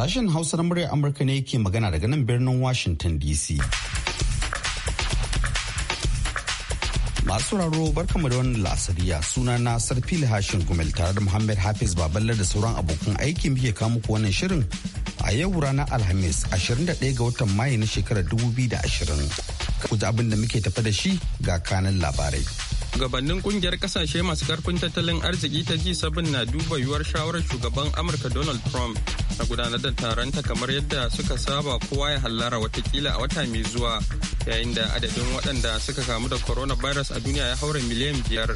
Sashen Hausa na muryar Amurka ne ke magana daga nan birnin Washington DC. Masu raro barkamu da wannan lasariya suna na Sarfili Hashin Gumel tare da Muhammad Hafiz baballar da sauran abokan aiki muke kawo muku wannan shirin a yau ranar Alhamis 21 ga watan Mayu na shekarar 2020. Ku ji abin da muke tafa da shi ga kanan labarai. shugabannin kungiyar kasashe masu karfin tattalin arziki ta ji sabin na duba yuwar shawarar shugaban amurka donald trump na gudanar da taronta kamar yadda suka saba kowa ya hallara watakila a wata mai zuwa yayin da adadin waɗanda suka kamu da coronavirus a duniya ya haura miliyan biyar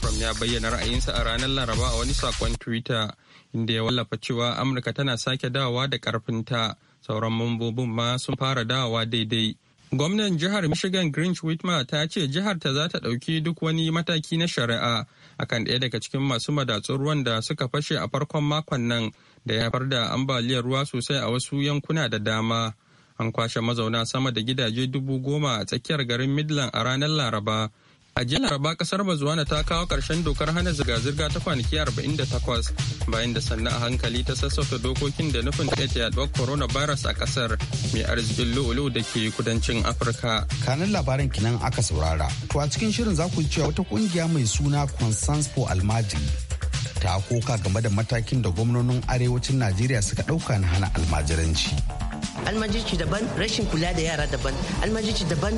trump ya bayyana ra'ayinsa a ranar laraba a wani sakon twitter inda ya wallafa cewa amurka tana sake dawowa da karfinta sauran mambobin ma sun fara dawowa daidai Gwamnan jihar Michigan Grinch Whitmer ta ce jihar ta za ta ɗauki duk wani mataki na shari'a akan ɗaya daga cikin masu madatsun ruwan da suka fashe a farkon makon nan da ya haifar da ambaliyar ruwa sosai a wasu yankuna da dama. An kwashe mazauna sama da gidaje dubu goma a tsakiyar garin Midland a ranar Laraba A jiya Laraba kasar Botswana ta kawo ƙarshen dokar hana zirga-zirga ta kwanaki 48 bayan da sannan a hankali ta sassauta dokokin da nufin taƙaita yaduwar coronavirus a kasar mai arzikin lu'u-lu'u da ke kudancin Afirka. Kanin labarin kinan aka saurara. To a cikin shirin za ku ji cewa wata kungiya mai suna Concerns for Almajiri ta koka game da matakin da gwamnonin arewacin najeriya suka ɗauka na hana almajiranci almajirci daban rashin kula da yara daban almajirci daban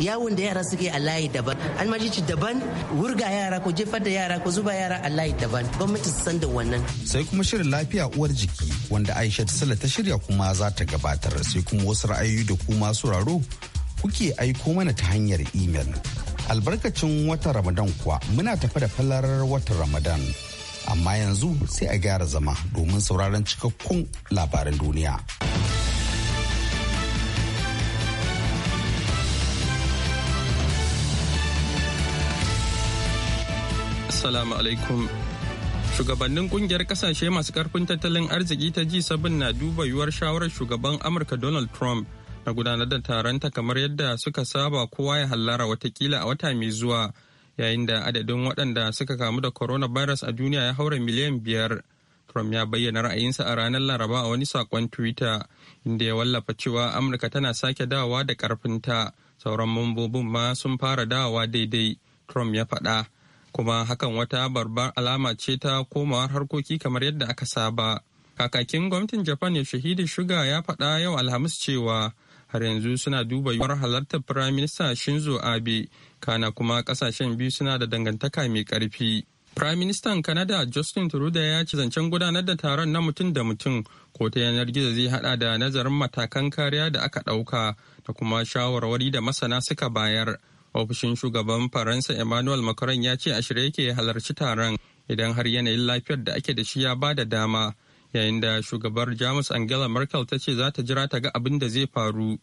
yawon da yara suke a layi daban almajirci daban wurga yara ko jefar da yara ko zuba yara a layi daban gwamnati su san da wannan sai kuma shirin lafiya uwar jiki wanda aisha sala ta shirya kuma za ta gabatar sai kuma wasu ra'ayoyi da kuma sauraro kuke aiko mana ta hanyar imel albarkacin Wata ramadan kuwa muna tafi da falarar watan ramadan amma yanzu sai a gyara zama domin sauraron cikakkun labaran duniya. Assalamu alaikum. Shugabannin kungiyar kasashe masu karfin tattalin arziki ta ji sabin na duba yuwar shawarar shugaban Amurka Donald Trump na gudanar da taron ta kamar yadda suka saba kowa ya hallara watakila a wata mai zuwa. yayin da adadin waɗanda suka kamu da coronavirus a duniya ya haura miliyan biyar trump ya bayyana ra'ayinsa a ranar laraba a wani sakon twitter inda ya wallafa cewa amurka tana sake dawowa da karfinta sauran mambobin ma sun fara dawowa daidai trump ya faɗa kuma hakan wata babbar alama ce ta komawar harkoki kamar yadda aka saba kakakin gwamnatin japan ya shahidi shuga ya faɗa yau alhamis cewa har yanzu suna duba yiwuwar halartar Firayim Minista Shinzo Abe, kana kuma kasashen biyu suna da dangantaka mai karfi. Firayim Ministan Canada Justin Trudeau ya ce zancen gudanar da taron na mutum da mutum ko ta yanar gizo zai hada da nazarin matakan kariya da aka ɗauka da kuma shawarwari da masana suka bayar. Ofishin shugaban Faransa Emmanuel Macron ya ce a shirye yake halarci taron idan har yanayin lafiyar da ake da shi ya bada dama yayin da shugabar jamus angela merkel ta ce za ta jira ta ga abin da zai faru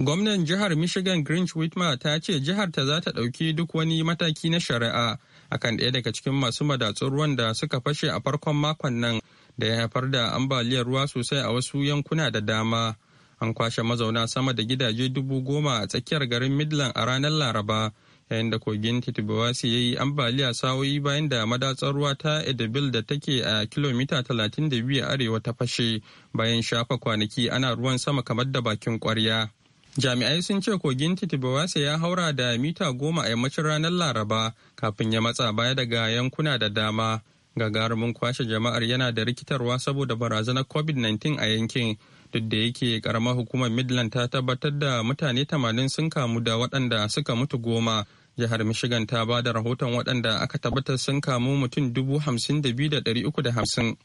gwamnan jihar michigan grinch whitmer ta ce jihar ta za ta ɗauki duk wani mataki na shari'a akan ɗaya daga cikin masu madatsun ruwan da suka fashe a farkon makon nan da ya haifar da ambaliyar ruwa sosai a wasu yankuna da dama an kwashe mazauna sama da gidaje dubu goma a tsakiyar garin midland a ranar laraba yayin da kogin titibawasi ya yi ambaliya sawoyi bayan da madatsar ruwa ta edebil da take a kilomita 32 arewa ta fashe bayan shafa kwanaki ana ruwan sama kamar da bakin kwarya jami'ai sun ce kogin titibawasi ya haura da mita goma a yammacin ranar laraba kafin ya matsa baya daga yankuna da dama gagarumin kwashe jama'ar yana da rikitarwa saboda barazanar covid-19 a yankin duk da yake karamar hukumar midland ta tabbatar da mutane 80 sun kamu da waɗanda suka mutu goma jihar michigan ta ba da rahoton waɗanda aka tabbatar sun kamu mutum hamsin.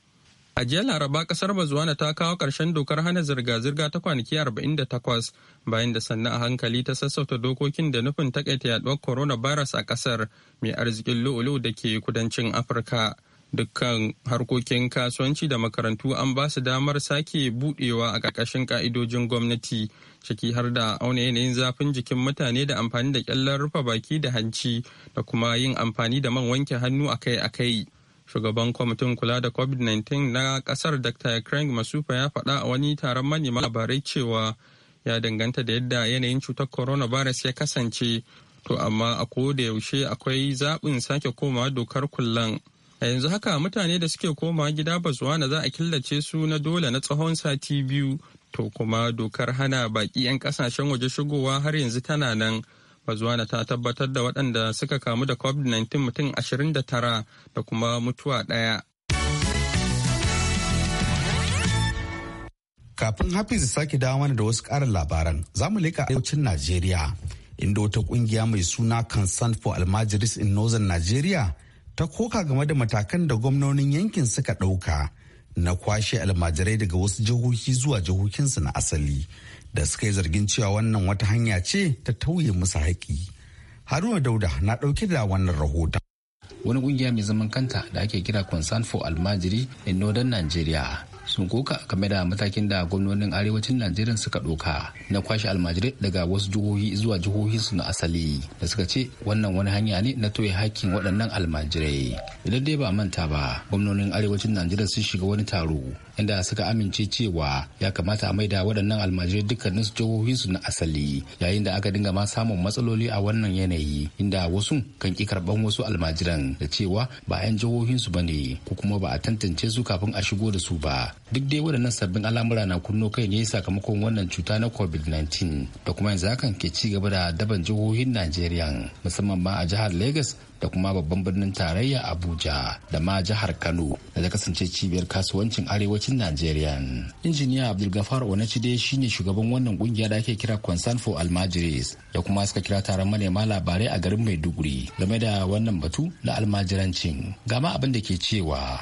a jiya laraba kasar bazuwana ta kawo ƙarshen dokar hana zirga-zirga ta kwanaki takwas bayan da sannan a hankali ta sassauta dokokin da nufin takaita yaduwar coronavirus a kasar mai arzikin lu'ulu da ke kudancin afirka dukkan harkokin kasuwanci da makarantu an ba su damar sake budewa a ƙarƙashin ƙa'idojin gwamnati ciki har da auna yanayin zafin jikin mutane da amfani da ƙyallar rufe baki da hanci da kuma yin amfani da man wanke hannu akai-akai shugaban kwamitin kula da covid-19 na ƙasar dr craig masufa ya faɗa a wani taron manema labarai cewa ya danganta da yadda yanayin cutar coronavirus ya kasance to amma a ko da yaushe akwai zaɓin sake komawa dokar kullan. a yanzu haka mutane da suke koma gida botswana za a killace su na dole na tsawon sati biyu to kuma dokar hana baki 'yan kasashen waje shigowa har yanzu tana nan bazwana ta tabbatar da waɗanda suka kamu da covid-19 mutum 29 da kuma mutuwa ɗaya kafin hafiz sake dawo mana da wasu ƙarin labaran za mu leƙa arewacin najeriya inda wata ƙungiya mai suna concern for almajiris in northern nigeria ta koka game da matakan da gwamnonin yankin suka ɗauka na kwashe almajirai daga wasu jihohi zuwa jihohinsu na asali da suka yi zargin cewa wannan wata hanya ce ta tauye musu haƙi. Haruna Dauda na ɗauke da wannan rahoton. wani ƙungiya mai zaman kanta da ake kira concern for almajiri in northern nigeria sun koka game da matakin da gwamnonin arewacin najeriya suka ɗoka na kwashe almajirai daga wasu jihohi zuwa jihohinsu na asali da suka ce wannan wani hanya ne na toye hakkin waɗannan almajirai idan dai ba manta ba gwamnonin arewacin najeriya sun shiga wani taro inda suka amince cewa ya kamata a maida waɗannan almajirai dukkanin su jihohinsu na asali yayin da aka dinga ma samun matsaloli a wannan yanayi inda wasu kan ki karɓan wasu almajiran da cewa ba 'yan jihohinsu ba ne ko kuma ba a tantance su kafin a shigo da su ba duk dai waɗannan sabbin al'amura na kunno kai ne sakamakon wannan cuta na covid-19 da kuma yanzu hakan ke ci gaba da daban jihohin najeriya musamman ma a jihar lagos da kuma babban birnin tarayya abuja da ma jihar kano da ta kasance cibiyar kasuwancin arewacin nigeria injiniya abdulgafar onachide shine shugaban wannan kungiya da ake kira concern for almajiris da kuma suka kira taron manema labarai a garin maiduguri game da wannan batu na almajirancin gama abin da ke cewa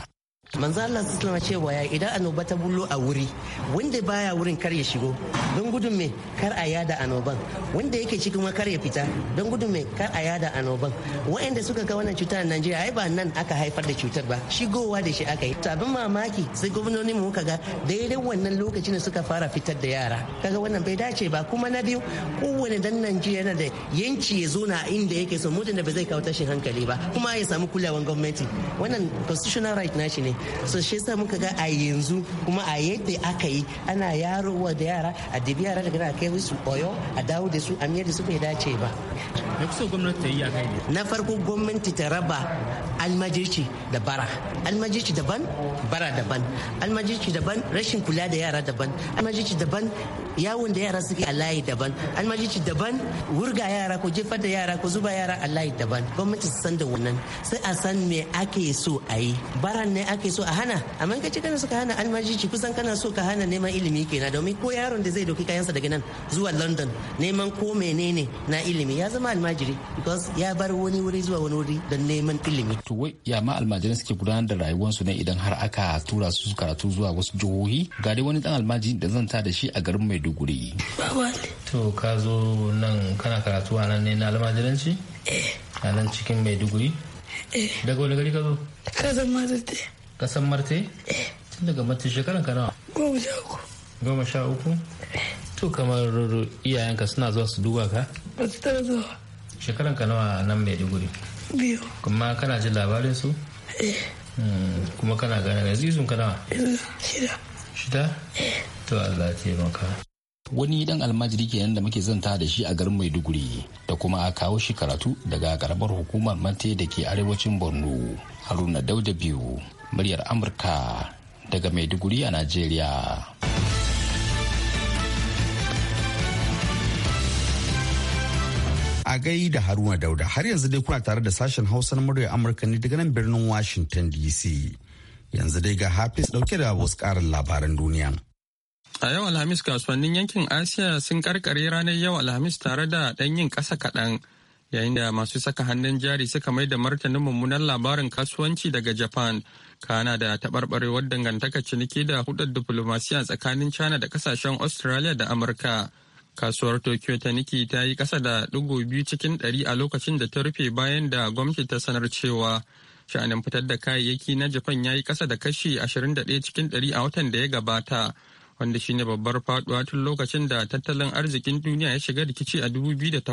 manzo Allah sallama cewa ya idan annoba ta bullo a wuri wanda baya wurin kar ya shigo don gudun me kar a yada annoban wanda yake cikin ma kar ya fita don gudun me kar a yada annoban waɗanda suka ga wannan cutar a Najeriya ai ba nan aka haifar da cutar ba shigowa da shi aka yi abin mamaki sai gwamnoni mu kaga daidai wannan lokacin da suka fara fitar da yara kaga wannan bai dace ba kuma na biyu kowane dan Najeriya yana da yanci ya zo na inda yake so mutum da bai zai kawo tashin hankali ba kuma ya samu kulawan gwamnati wannan constitutional right shi ne so shi yasa muka ga a yanzu kuma a yadda aka yi ana yarowa da yara a dibi yara daga na kai su koyo a dawo da su a miyar da su bai dace ba ta yi a na farko gwamnati ta raba almajirci da bara almajirci daban bara daban almajirci daban rashin kula da yara daban almajirci daban yawon da yara suke a layi daban almajirci daban wurga yara ko jefar da yara ko zuba yara a layi daban gwamnati su san da wannan sai a san me ake so a yi baran ne ake so a hana amma in ka kana so ka hana almajirci kusan kana so ka hana neman ilimi kenan domin ko yaron da zai doki kayansa daga nan zuwa london neman ko menene na ilimi ya zama almajiri because ya bar wani wuri zuwa wani wuri don neman ilimi to wai ya ma almajiran suke gudanar da rayuwarsu ne idan har aka tura su karatu zuwa wasu jihohi ga dai wani dan almaji da zan ta da shi a garin maiduguri to ka zo nan kana karatu a nan ne na almajiranci eh. a nan cikin maiduguri eh. daga wani gari ka zo kasan marte kasan marte eh. tun daga marte shekaran ka nawa goma sha uku goma sha uku to kamar iyayenka suna zuwa su duba ka ba su taba zuwa shekaran ka nawa nan maiduguri biyu kuma kana jin labarin su eh. hmm, kuma kana gane yanzu zizun kana shida shida eh. to Allah ya maka wani dan almajiri kenan da muke zanta da shi a garin maiduguri da kuma a kawo shi karatu daga karamar hukumar mante da ke arewacin borno haruna dauda biyu muryar amurka daga maiduguri a najeriya A gai da Haruna Dauda har yanzu dai kuna tare da sashen Hausa na murya Amurka ne daga nan birnin Washington DC. Yanzu dai ga Hafiz dauke da wasu karin labaran duniya. A yau Alhamis kasuwannin yankin Asiya sun karkare ranar yau Alhamis tare da ɗan yin ƙasa kaɗan yayin da masu saka hannun jari suka mai da martanin mummunan labarin kasuwanci daga Japan. Kana da taɓarɓarewar dangantaka ciniki da hudar diflomasiya tsakanin China da ƙasashen Australia da Amurka. Kasuwar Tokyo ta Niki ta yi kasa da ɗigo biyu cikin ɗari a lokacin da ta rufe bayan da gwamnati ta sanar cewa sha'anin fitar da kayayyaki na Japan ya yi kasa da kashi 21 cikin ɗari a watan da ya gabata, wanda shine babbar faɗuwa tun lokacin da tattalin arzikin duniya ya shiga rikici a 2008.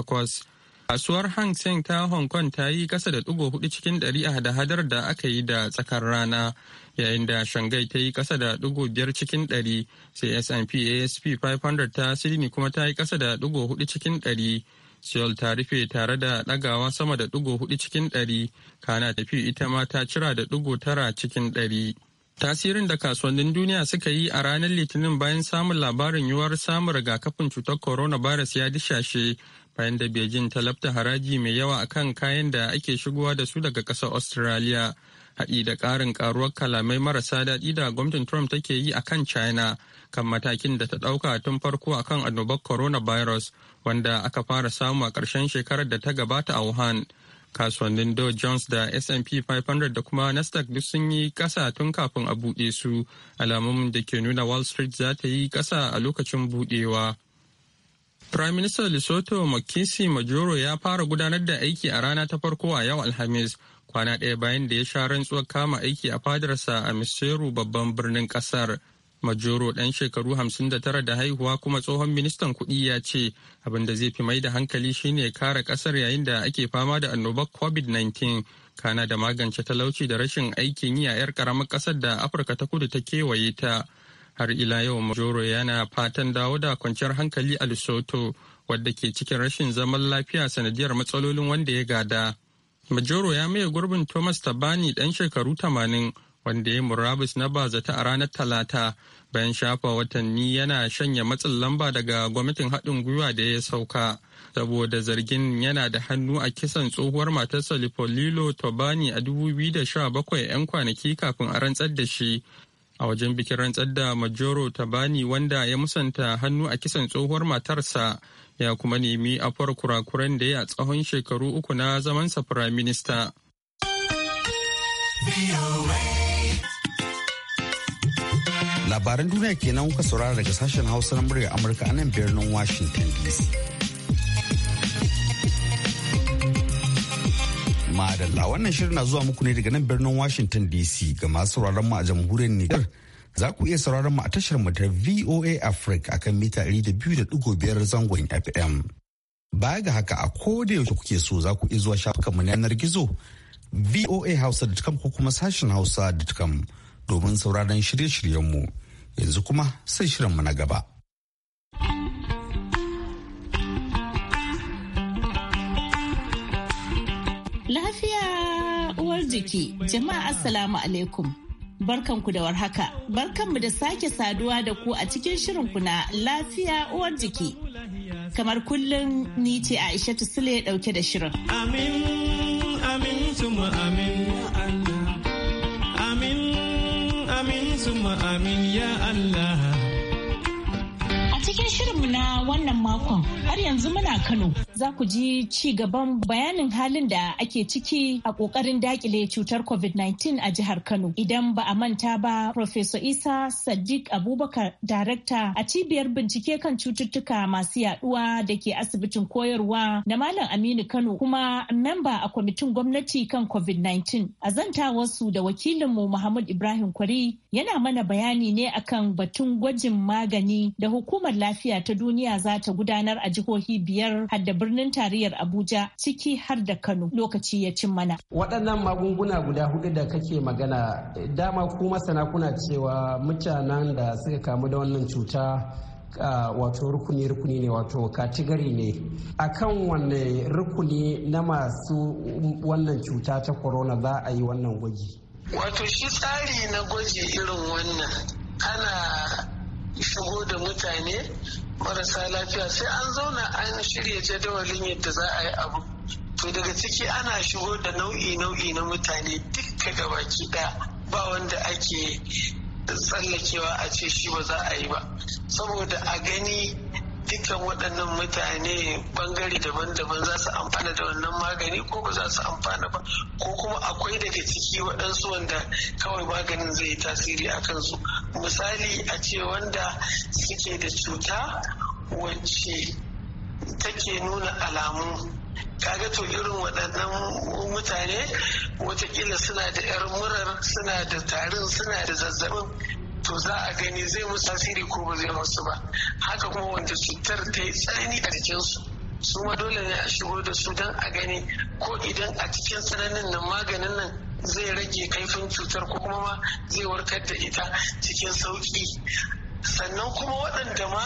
Kasuwar Hang Seng ta Hong Kong ta yi kasa da ɗigo hudu cikin ɗari a hada da aka yi da tsakar rana, yayin da Shanghai ta yi kasa da ɗigo biyar cikin ɗari, sai S&P ASP 500 ta Sydney kuma ta yi kasa da ɗigo hudu cikin ɗari. Seoul ta rufe tare da ɗagawa sama da ɗigo hudu cikin ɗari, kana tafi ita ma ta cira da ɗigo tara cikin ɗari. Tasirin da kasuwannin duniya suka yi a ranar Litinin bayan samun labarin yiwuwar samun rigakafin cutar coronavirus ya dishashe bayan da Beijing ta labta haraji mai yawa akan kayan da ake shigowa da su daga ƙasar Australia, haɗi da ƙarin ƙaruwar kalamai marasa daɗi da gwamnatin Trump take yi a kan China kan matakin da ta ɗauka tun farko akan annobar coronavirus wanda aka fara samu a ƙarshen shekarar da ta gabata a Wuhan. Kasuwannin Dow Jones da S&P 500 da kuma Nasdaq duk sun yi ƙasa tun kafin a buɗe su, alamun da ke nuna Wall Street za ta yi ƙasa a lokacin buɗewa. minister Lesotho Mokisi Majoro ya fara gudanar da aiki a rana ta farko a yau Alhamis, kwana ɗaya bayan da ya sha rantsuwar kama aiki a fadarsa a Miseru babban birnin ƙasar. Majoro ɗan shekaru 59 da haihuwa kuma tsohon ministan kuɗi ya ce abin da zai fi mai da hankali shine kare ƙasar yayin da ake fama da annobar COVID-19 kana da magance talauci da rashin aikin yi a 'yar ƙaramar ƙasar da Afirka ta kudu ta kewaye ta. har ila yau majoro yana fatan dawo da kwanciyar hankali a lesotho wadda ke cikin rashin zaman lafiya sanadiyar matsalolin wanda ya gada majoro ya maye gurbin thomas tabani dan shekaru tamanin wanda ya murabus na bazata a ranar talata bayan shafa watanni yana shanya matsin lamba daga gwamnatin haɗin gwiwa da ya sauka saboda zargin yana da hannu a kisan tsohuwar matarsa lipolilo tobani a 2017 'yan kwanaki kafin a rantsar da shi a wajen bikin rantsar da majoro tabani wanda ya musanta hannu a kisan tsohuwar matarsa ya kuma nemi afuwar kurakuran da ya tsawon shekaru uku na zamansa firaminista. labaran duniya kenan kuka saurara daga sashen hausa na murya amurka a nan birnin washington dc la wannan shirin na zuwa muku ne daga nan birnin Washington DC ga masu sauraron mu a jamhuriyar Nijar. Za ku iya sauraron mu a tashar mu ta VOA Africa akan mita 200.5 zangon FM. Baya ga haka a ko da yaushe kuke so za ku iya zuwa shafukan na yanar gizo voahausa.com ko kuma sashen hausa.com domin sauraron shirye shiryen mu Yanzu kuma sai shirin mu na gaba. Lafiya uwar jiki, jama'a Assalamu alaikum. Barkanku da warhaka, barkanmu da sake saduwa da ku a cikin shirinku na lafiya uwar jiki. Kamar kullum ni ce Aisha Sule dauke da shirin. Amin, amin, suma amin ya Allah. Amin, amin, suma amin ya Allah. cikin shirinmu na wannan makon har yanzu muna Kano. Za ku ji ci gaban bayanin halin da ake ciki a ƙoƙarin dakile cutar COVID-19 a jihar Kano. Idan ba a manta ba, Professor Isa Sadiq Abubakar, Darakta a cibiyar bincike kan cututtuka masu yaduwa da ke asibitin koyarwa na Malam Aminu Kano kuma memba a kwamitin gwamnati kan COVID-19. A zantawarsu da wakilinmu Muhammad Ibrahim Kwari yana mana bayani ne akan batun gwajin magani da hukumar hukumar lafiya ta duniya za ta gudanar a jihohi biyar har birnin tarayyar Abuja ciki har da Kano lokaci ya cin mana. Waɗannan magunguna guda hudu da kake magana dama ku masana kuna cewa mutanen da suka kamu da wannan cuta wato rukuni-rukuni ne wato katigari ne akan wanne rukuni na masu wannan cuta ta corona za a yi wannan gwaji wato shi tsari na gwaji irin wannan ana shigo da mutane marasa lafiya sai an zauna an shirya jadawalin yadda za a yi abu to daga ciki ana shigo da nau'i-nau'i na mutane dukka baki ɗaya ba wanda ake tsallakewa a ce shi ba za a yi ba saboda a gani dukkan waɗannan mutane bangare daban-daban za su amfana da wannan magani ko ba za su amfana ba ko kuma akwai daga ciki waɗansu wanda kawai maganin zai yi tasiri a kansu misali a ce wanda suke da cuta wacce take nuna alamu kaga to irin waɗannan mutane watakila suna da 'yar murar suna da tarin suna da zazzabin to za a gani zai musu tasiri ko ba zai musu ba haka kuma wanda cutar ta yi tsanani a jikinsu su ma dole ne a shigo da su don a gani ko idan a cikin tsananin nan maganin nan zai rage kaifin cutar ko kuma zai warkar da ita cikin sauki sannan kuma waɗanda ma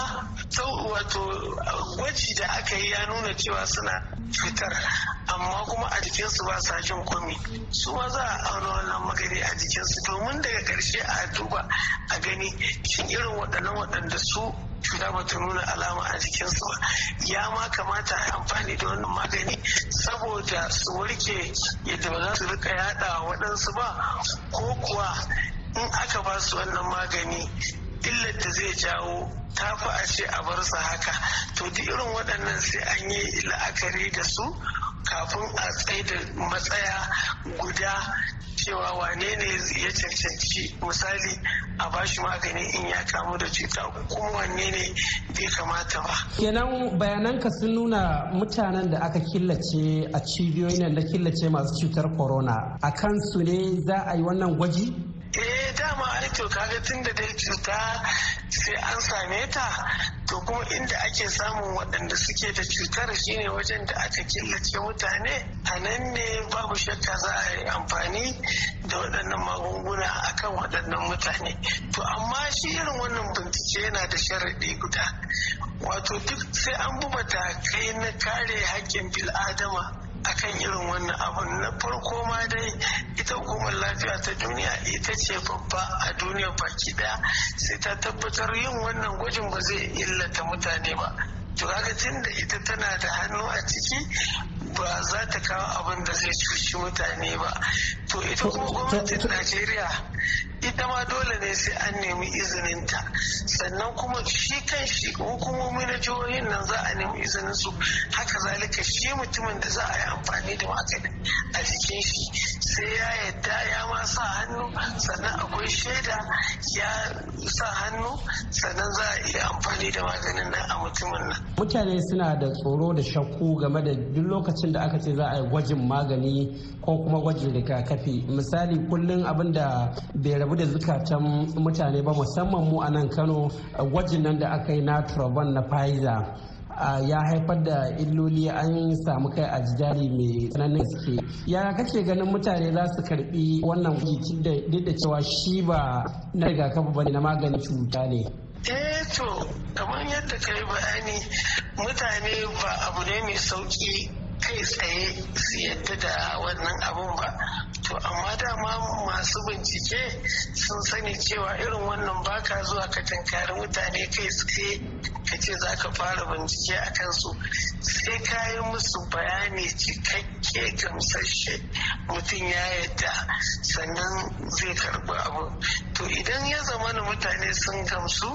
wato gwaji da aka yi ya nuna cewa suna cutar amma kuma a jikinsu ba sa jin kumi su ma za a auna wannan magani a jikinsu domin daga ƙarshe a duba a gani shin irin waɗannan waɗanda su cuta ba ta nuna alama a jikinsu ba ya ma kamata a amfani da wannan magani saboda su warke yadda ba za su rika yaɗa waɗansu ba ko kuwa in aka ba su wannan magani illar zai jawo ta fi a ce a bar su haka to duk irin waɗannan sai an yi la'akari da su kafin a tsaye da matsaya guda cewa wane ne ya cancanci misali a ba shi magani in ya kamu da cuta kuma wane ne bai kamata ba. kenan bayananka sun nuna mutanen da aka killace a cibiyoyin da killace masu cutar corona a kansu ne za a yi wannan gwaji? dama ai to kaga tun da dai cuta sai an same ta to kuma inda ake samun waɗanda suke da cutar shine wajen da aka killace mutane a nan ne babu shakka za a yi amfani da waɗannan magunguna akan waɗannan mutane to amma shi irin wannan bincike yana da sharaɗi guda wato duk sai an bi matakai na kare haƙƙin bil'adama akan irin wannan abun na farko ma dai ita hukumar lafiya ta duniya ita ce babba a duniya baki daya sai ta tabbatar yin wannan gwajin ba zai illata mutane ba to kaga tunda ita tana da hannu a ciki ba za ta kawo abin da zai cuci mutane ba to ita kuma gwamnatin najeriya ita ma dole ne sai an nemi izininta sannan kuma shi kan shi hukumomi na jihohin nan za a nemi izinin su haka zalika shi mutumin da za a yi amfani da maganin a jikin shi sai ya yadda ya ma sa hannu sannan akwai shaida ya sa sannan za a iya amfani da maganin nan a mutumin nan. Mutane suna da tsoro da shakku game da duk lokacin da aka ce za a yi gwajin magani ko kuma gwajin rigakafi. Misali kullum abin da bai rabu da zukatan mutane ba musamman mu a nan Kano gwajin nan da aka yi na na Pfizer. ya haifar da illoli an samu kai a jidari mai tsananin suke ya kake ganin mutane za su karbi wannan gwaji duk da cewa shi ba na rigakafi bane na maganin cuta ne eh to kamar yadda ka yi bayani mutane ba abu ne mai sauki kai tsaye su yadda da wannan abun ba to amma dama masu bincike sun sani cewa irin wannan baka zuwa ka tankari mutane kai tsaye ka ce za ka fara bincike a kansu sai ka yi musu bayani cikakke gamsashe mutum ya yadda sannan zai karbi abu to idan ya zama na mutane sun gamsu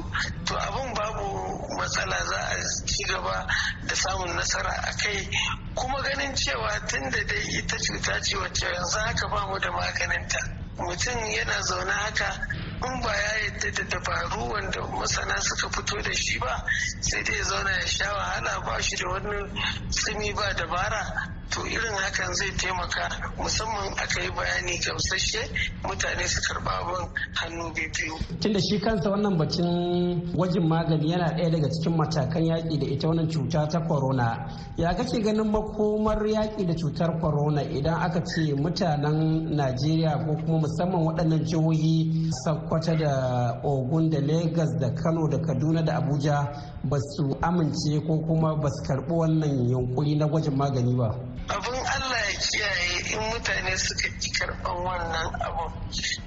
to abin babu matsala za a ci gaba da samun nasara a kai kuma ganin cewa tun da dai ita cuta ce wacce yanzu haka ba mu da maganinta mutum yana zaune haka in ba ya yadda da dabaru wanda masana suka fito da shi ba sai dai ya zauna ya sha wahala ba shi da wani tsimi ba dabara to irin hakan zai taimaka musamman aka yi bayani gamsashe mutane su karba abin hannu biyu tunda shi kansa wannan bacin gwajin magani yana ɗaya daga cikin matakan yaƙi da ita wannan cuta ta corona ya kake ganin makomar yaƙi da cutar corona idan aka ce mutanen najeriya ko kuma musamman waɗannan jihohi sakkwata da ogun da lagos da kano da kaduna da abuja ba su amince ko kuma ba su karɓi wannan yunkuri na gwajin magani ba abin allah ya kiyaye in mutane suka ki karɓar wannan abun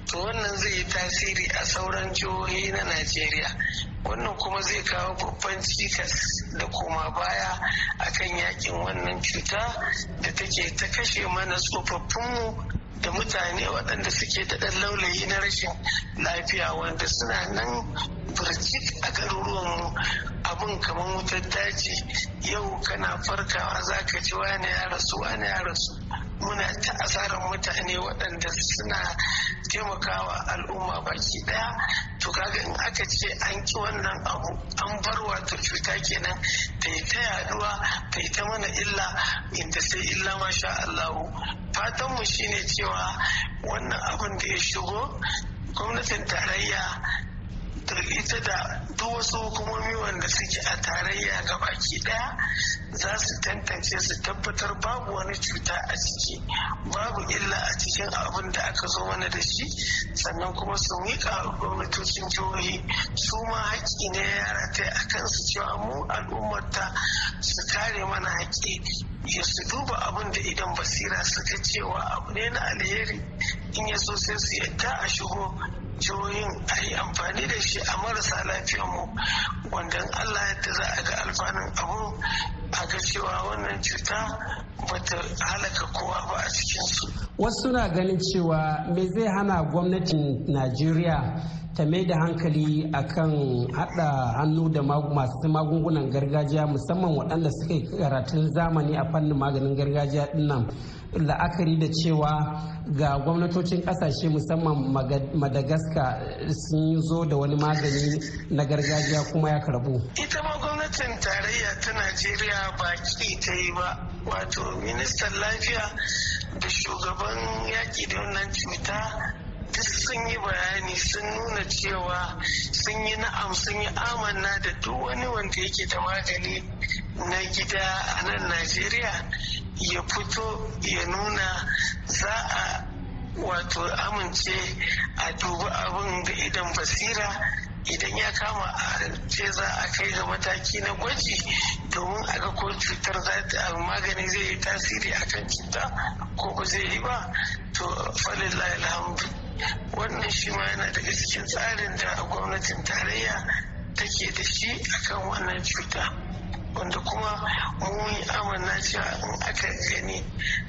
to wannan zai yi tasiri a sauran jihohi na najeriya wannan kuma zai kawo babban cikas da koma baya akan yakin wannan cuta da take ta kashe mana tsofaffinmu da mutane waɗanda suke da ɗan laulayi na rashin lafiya wanda suna nan birjik a mu abin kamar wutar daji yau kana farkawa za ka ji ya rasu wani ya rasu muna ta asarar mutane waɗanda suna taimakawa al'umma baki ɗaya to kaga in aka ce an ki wannan abu an bar wato cuta kenan ta yi ta yaduwa ta yi ta mana illa inda sai illa masha Allahu fatanmu shine cewa wannan abin da ya shigo gwamnatin tarayya to ita da duk wasu hukumomi wanda suke a tarayya ga baki daya za su tantance su tabbatar babu wani cuta a ciki babu illa a cikin abin da aka zo mana da shi sannan kuma su miƙa gwamnatocin jihohi su ma haƙƙi ne yara ta a su cewa mu al'ummar su kare mana haƙƙi ya su duba abin da idan basira suka cewa abu ne na alheri in ya so sai su yadda a shigo jihohin a yi amfani da shi a marasa lafiyar mu wanda allah yadda za a ga alfanun abu a ga cewa wannan cuta bata halaka kowa ba a cikinsu wasu suna ganin cewa me zai hana gwamnatin najeriya ta mai da hankali akan hada hannu da masu magungunan gargajiya musamman waɗanda suka yi karatun zamani a fannin maganin gargajiya nan. la'akari da cewa ga gwamnatocin kasashe musamman madagascar eh, sun zo da wani magani na gargajiya kuma ya karbu ita ma gwamnatin tarayya ta najeriya ba ki ta yi ba wato ministan lafiya da shugaban yaki da wannan cuta duk sun yi bayani sun nuna cewa sun yi na'am sun yi amanna da duk wani wanda yake da magani na gida a nan najeriya ya fito ya nuna za a wato amince a dubi abin da idan basira idan ya kama a ce za a kai ga mataki na gwaji domin a ga ko cutar za magani zai yi tasiri a kan cuta ko ba zai yi ba to falillah alhamdu wannan shi ma yana daga cikin tsarin da gwamnatin tarayya take da shi akan wannan cuta wanda kuma mun yi amana cewa in aka gani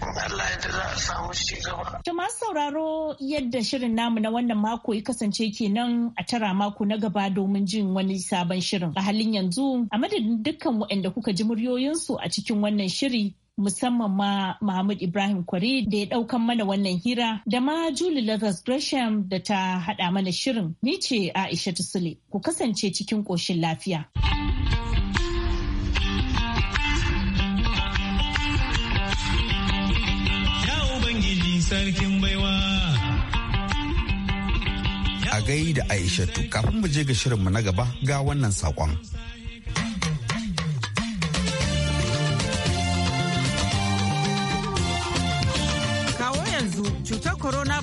in Allah da za a samu shi gaba. Ta masu sauraro yadda shirin namu na wannan mako ya kasance kenan a tara mako na gaba domin jin wani sabon shirin. A halin yanzu a madadin dukkan waɗanda kuka ji muryoyinsu a cikin wannan shiri musamman ma Mahmud Ibrahim Kwari da ya ɗaukan mana wannan hira da ma Julie Leathers Gresham da ta haɗa mana shirin. Ni ce Aisha Sule, ku kasance cikin ƙoshin lafiya. A gai da Aishatu kafin mu je ga shirinmu na gaba ga wannan saƙon.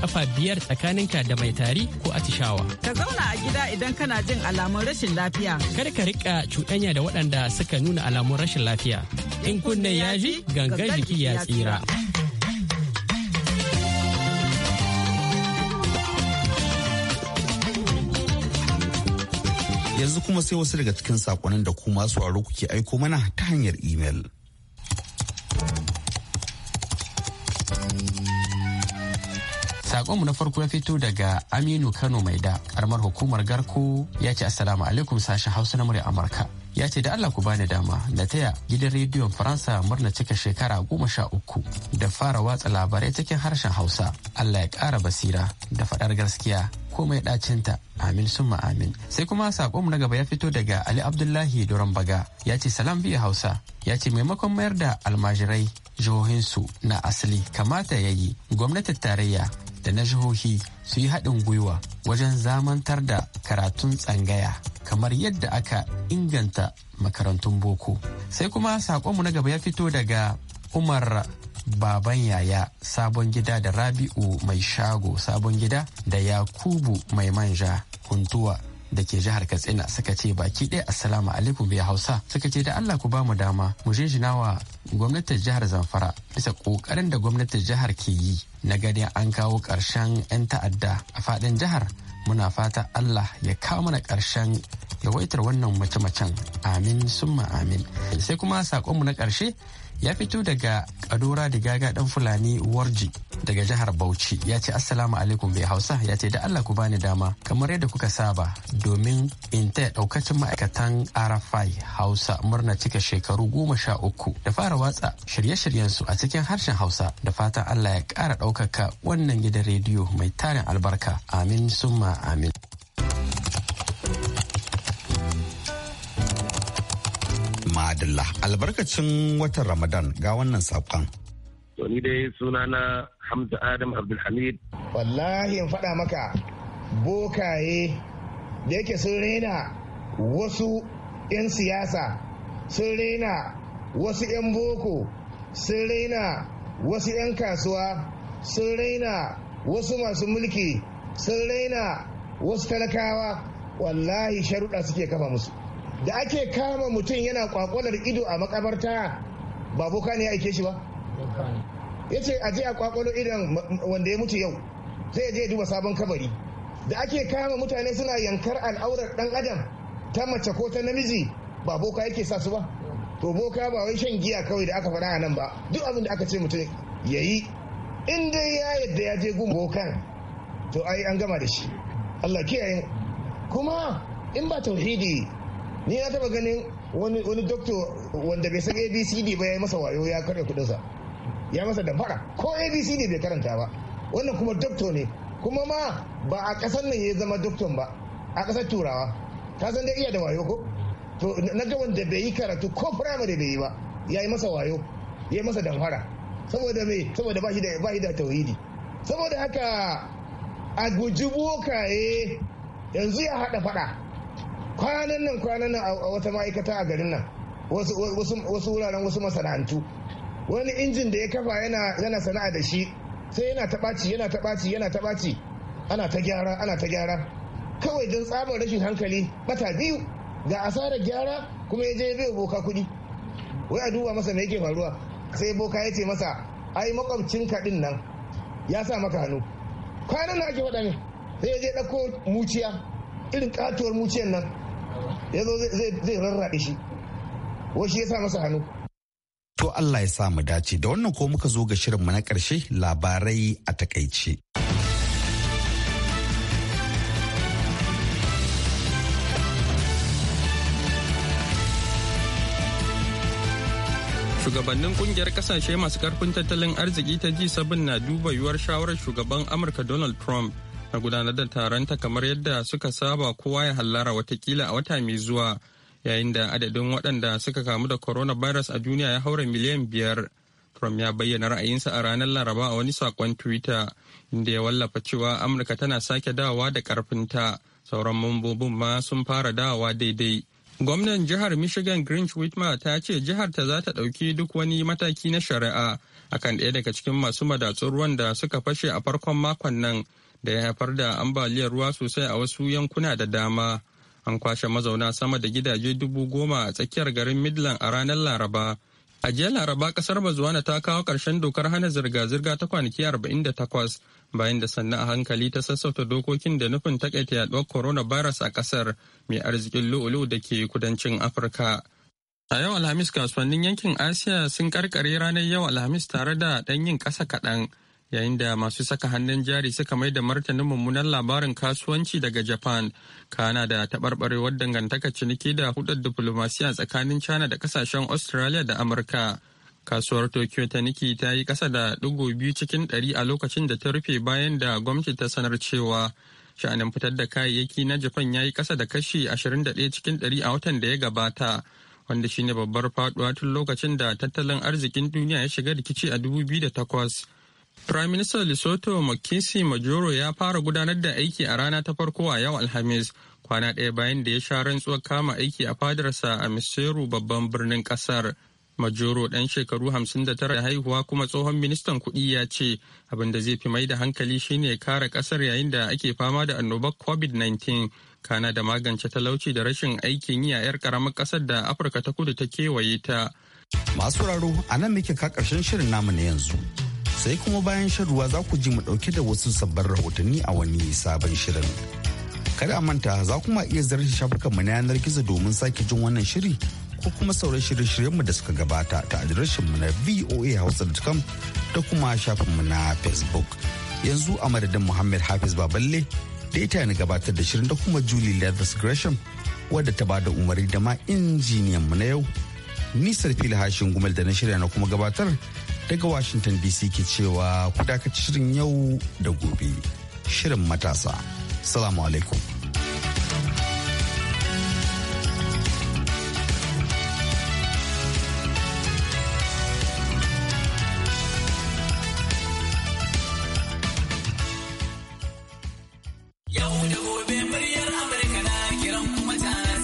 kafa biyar tsakaninka da mai tari ko atishawa. Ka zauna a gida idan kana jin alamun rashin lafiya. Kar ka rika cuɗanya da waɗanda suka nuna alamun rashin lafiya. In kunne ya ji gangan jiki ya tsira. Yanzu kuma sai wasu daga cikin saƙonin da kuma su aro kuke aiko mana ta hanyar imel. Sakonmu na farko ya fito daga Aminu Kano mai da karamar hukumar Garko ya ce Assalamu alaikum sashen Hausa na murya Amurka. Ya ce da Allah ku bani dama na taya gidan rediyon Faransa murna cika shekara goma sha uku da fara watsa labarai cikin harshen Hausa. Allah ya ƙara basira da faɗar gaskiya ko mai ɗacinta amin summa amin sai kuma sakon na gaba ya fito daga ali abdullahi doron baga ya ce salam biya hausa ya ce maimakon mayar da almajirai jihohinsu na asali kamata ya yi gwamnatin tarayya da na jihohi su yi haɗin gwiwa wajen zamantar da karatun tsangaya kamar yadda aka inganta makarantun boko sai kuma saƙonmu na gaba ya fito daga umar baban yaya sabon gida da rabi'u mai shago sabon gida da yakubu mai manja huntuwa. da ke jihar katsina suka ce baki ɗaya assalamu alaikum bai hausa suka ce da allah ku ba mu dama mu jinjina wa gwamnatin jihar zamfara bisa ƙoƙarin da gwamnatin jihar ke yi na ganin an kawo ƙarshen 'yan ta'adda a faɗin jihar muna fata allah ya kawo mana ƙarshen yawaitar wannan mace-macen amin summa amin sai kuma saƙonmu na ƙarshe ya fito daga adora da gaga dan fulani warji daga jihar bauchi ya ce assalamu alaikum bai hausa ya ce da allah ku bani dama kamar yadda kuka saba domin in taya daukacin ma'aikatan arafai hausa murna cika shekaru goma sha uku da fara watsa shirye shiryen su a cikin harshen hausa da fatan allah ya kara daukaka wannan gidan rediyo mai tarin albarka amin summa amin Bismillah albarkacin watan Ramadan ga wannan saƙon. ni dai sunana Hamza Adam Abdulhamid. Wallahi in faɗa maka bokaye da yake sun rena wasu 'yan siyasa sun rena wasu 'yan boko sun raina wasu 'yan kasuwa sun raina wasu masu mulki sun raina wasu talakawa wallahi sharuɗa suke kafa musu da ake kama mutum yana kwakwalar ido a makabarta ba boka ne ya aike shi ba ya ce a je a kwakwalo wanda ya mutu yau zai je duba sabon kabari da ake kama mutane suna yankar al'aurar dan adam ta mace ko ta namiji ba boka yake sa su ba to boka ba wai shan giya kawai da aka faɗa a nan ba duk abin da aka ce mutum ya yi in dai ya yadda ya je gun bokan to ai an gama da shi Allah kiyaye kuma in ba tauhidi ni na taba ganin wani wani doktor wanda bai san abcd ba ya yi masa wayo ya karya kudinsa ya masa damfara ko abcd bai karanta ba wannan kuma doktor ne kuma ma ba a ƙasar nan ya zama doktor ba a kasar turawa ka san dai iya da wayo ko to na ga wanda bai yi karatu ko primary bai yi ba ya yi masa wayo ya yi masa damfara saboda mai saboda ba shi da ba shi da tauhidi saboda haka a guji bokaye yanzu ya haɗa faɗa kwanan nan kwanan nan a wata ma'aikata a garin nan wasu wuraren wasu masana'antu wani injin da ya kafa yana sana'a da shi sai yana ɓaci yana ɓaci yana ana ta gyara ana ta gyara kawai don tsabar rashin hankali bata biyu ga asarar gyara kuma ya je ya biya boka kuɗi wai a duba masa me yake faruwa sai boka ya ce masa ai makwabcin kaɗin nan ya sa maka hannu kwanan na ake faɗa ne sai ya je ɗauko muciya irin katuwar muciyar nan ya zo zai rarrabe shi ko shi ya sa masa hannu To Allah ya sa mu dace da wannan ko muka zo ga shirin mu na karshe labarai a takaice. Shugabannin kungiyar kasashe masu karfin tattalin arziki ta ji sabin na duba yuwar shawarar shugaban Amurka Donald Trump a gudanar da taronta kamar yadda suka saba kowa ya hallara watakila a wata mai zuwa yayin da adadin waɗanda suka kamu da coronavirus a duniya ya haura miliyan biyar from ya bayyana ra'ayinsa a ranar laraba a wani sakon twitter inda ya wallafa cewa amurka tana sake dawowa da karfinta sauran mambobin ma sun fara dawowa daidai gwamnan jihar michigan grinch whitmer ta ce jihar ta za ta ɗauki duk wani mataki na shari'a akan ɗaya daga cikin masu madatsun ruwan da suka fashe a farkon makon nan da ya haifar da ambaliyar ruwa sosai a wasu yankuna da dama an kwashe mazauna sama da gidaje dubu goma a tsakiyar garin midland a ranar laraba a jiya laraba kasar bazuwana ta kawo ƙarshen dokar hana zirga-zirga ta kwanaki 48 bayan da sannan a hankali ta sassauta dokokin da nufin takaita yaduwar coronavirus a kasar mai arzikin lu'ulu da ke kudancin afirka a yau alhamis kasuwannin yankin asiya sun karkare ranar yau alhamis tare da ɗan yin ƙasa kaɗan yayin da masu saka hannun jari suka mai da martanin mummunan labarin kasuwanci daga japan kana da taɓarɓarewar dangantaka ciniki da hudar diplomasiya tsakanin china da kasashen australia da amurka kasuwar tokyo ta niki ta yi kasa da ɗigo biyu cikin ɗari a lokacin da ta rufe bayan da gwamnati ta sanar cewa sha'anin fitar da kayayyaki na japan ya yi kasa da kashi 21 cikin ɗari a watan da ya gabata wanda shine babbar faduwa tun lokacin da tattalin arzikin duniya ya shiga rikici a 2008 Prime Minister Lesotho Mokisi Majoro ya fara gudanar da aiki a rana ta farko a yau Alhamis, kwana ɗaya bayan da ya sha rantsuwar kama aiki a fadarsa a Miseru babban birnin ƙasar. Majoro ɗan shekaru 59 da haihuwa kuma tsohon ministan kuɗi ya ce abin da zai fi mai da hankali shine kare ƙasar yayin da ake fama da annobar COVID-19 kana da magance talauci da rashin aikin yi a 'yar ƙaramar ƙasar da Afirka ta kudu ta kewaye ta. Masu raro a nan muke ka ƙarshen shirin namu na yanzu. sai kuma bayan shan ruwa za ku ji mu ɗauke da wasu sabbin rahotanni a wani sabon shirin. Kada a manta za kuma iya ziyarci shafukan mu na yanar gizo domin sake jin wannan shiri ko kuma sauran shirye-shiryen mu da suka gabata ta adireshin mu na Hausa da kuma shafin mu na Facebook. Yanzu a madadin Muhammad Hafiz Baballe da ita ni gabatar da shirin da kuma Julie Leathers Gresham wadda ta bada umarni da ma injiniyan mu na yau. Nisar fili hashin gumel da na shirya na kuma gabatar daga Washington DC ke cewa ku dakaci shirin yau da gobe. Shirin matasa. Salamu alaikum.